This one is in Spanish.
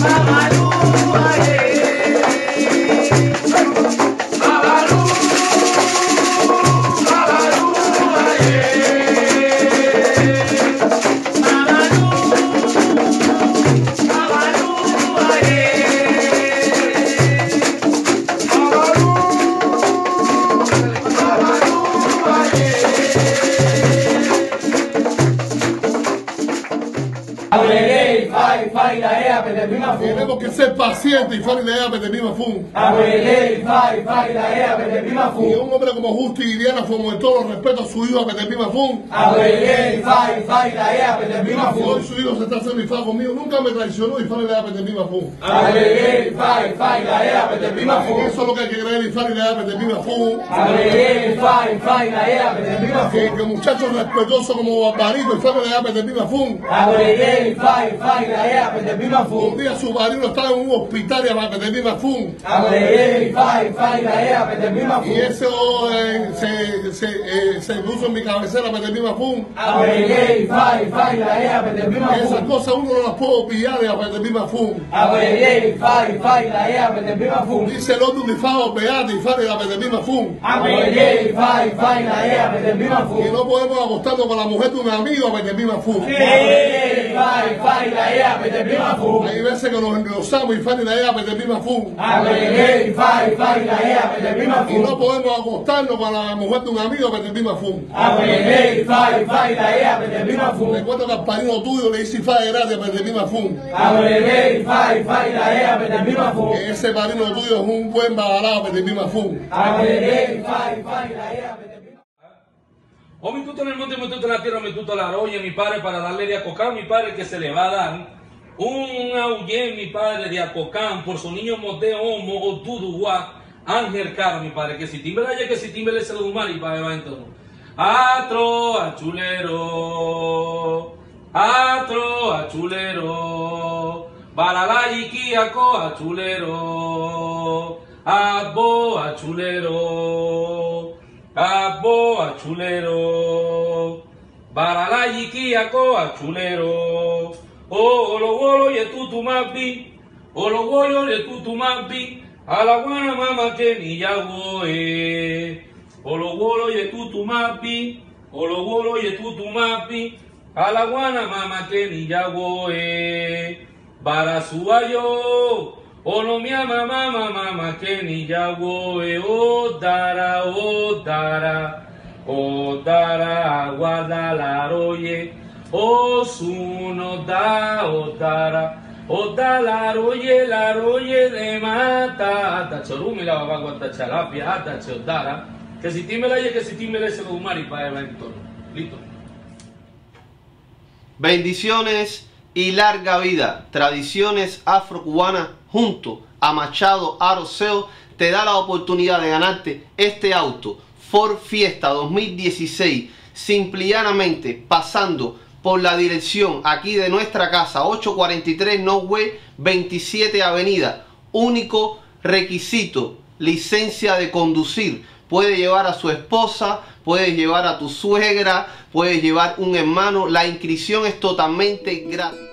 Yeah. Tenemos que ser pacientes y fari la de mi mafum. Abelé y fari, fari la de Y un hombre como Justi y Diana fue en todo respeto a su hijo de mi mafum. Abelé y fari, fari la eave de mi mafum. Hoy su hijo se está haciendo mi favor mío. Nunca me traicionó y fari la eave de mi mafum. Abelé y fari, fari la de mi Fun. Eso es lo que hay que creer y fari la eave de mi mafum. Abelé y fari, fari la de Que muchacho respetuoso como barito y fari la eave de mi mafum. Abelé y fari, fari la de mi Fun un día su marido estaba en un hospital y Abapetemima Fun. Y eso eh, se, se, eh, se puso en mi cabecera Abapetemima Fun. Esas cosas uno no las puedo pillar de Abapetemima Fun. Dice el otro difado, beate y fare de Abapetemima Fun. Y no podemos apostar como la mujer de un amigo a Abapetemima Fun. Y que nos engrosamos y falla la ea, pende pima fund. A ver, ley, la ea, de pima fund. no podemos acostarnos para la mujer de un amigo, pende pima fund. A ver, ley, fa, y fa, y la ea, pende pima fund. Recuerdo que al parino tuyo le hiciste fa era de pende pima fund. A ver, ley, fa, y la ea, de pima fund. Que ese parino tuyo es un buen malvado, pende pima fund. A ver, ley, la ea, pende pima fund. Hombre, oh, tú en el monte, tú en la tierra, me tú en la roya, mi padre, para darle de acocar, mi padre, que se le va a dar un aullé, mi padre, de Apocán, por su niño mote homo, o duduwa. ángel caro, mi padre, que si timbra ya que si le se lo y padre va en todo. Atro, achulero, atro, achulero, baralayiquiaco, achulero, abo, achulero, abo, achulero, baralayiquiaco, achulero. Oh, wolo ye tutu mabi. wolo ye tutu mabi. Alawana mama keni jagoe, e. wolo ye tutu mabi. wolo ye tutu mabi. mama keni bara e. lo Olomia mama mama mama keni ni e. O dara o dara. O dara aguadalaroye. Osuno da otara. Otala roye la roye de mata. Atachorumi la babagua atachalapia atachotara. Que si timela que si timela se lo y para el entorno. Listo. Bendiciones y larga vida. Tradiciones afrocubanas junto a Machado Aroseo te da la oportunidad de ganarte este auto Ford Fiesta 2016 simplemente pasando por la dirección aquí de nuestra casa, 843 Northway 27 Avenida. Único requisito, licencia de conducir. Puede llevar a su esposa, puede llevar a tu suegra, puede llevar un hermano. La inscripción es totalmente gratis.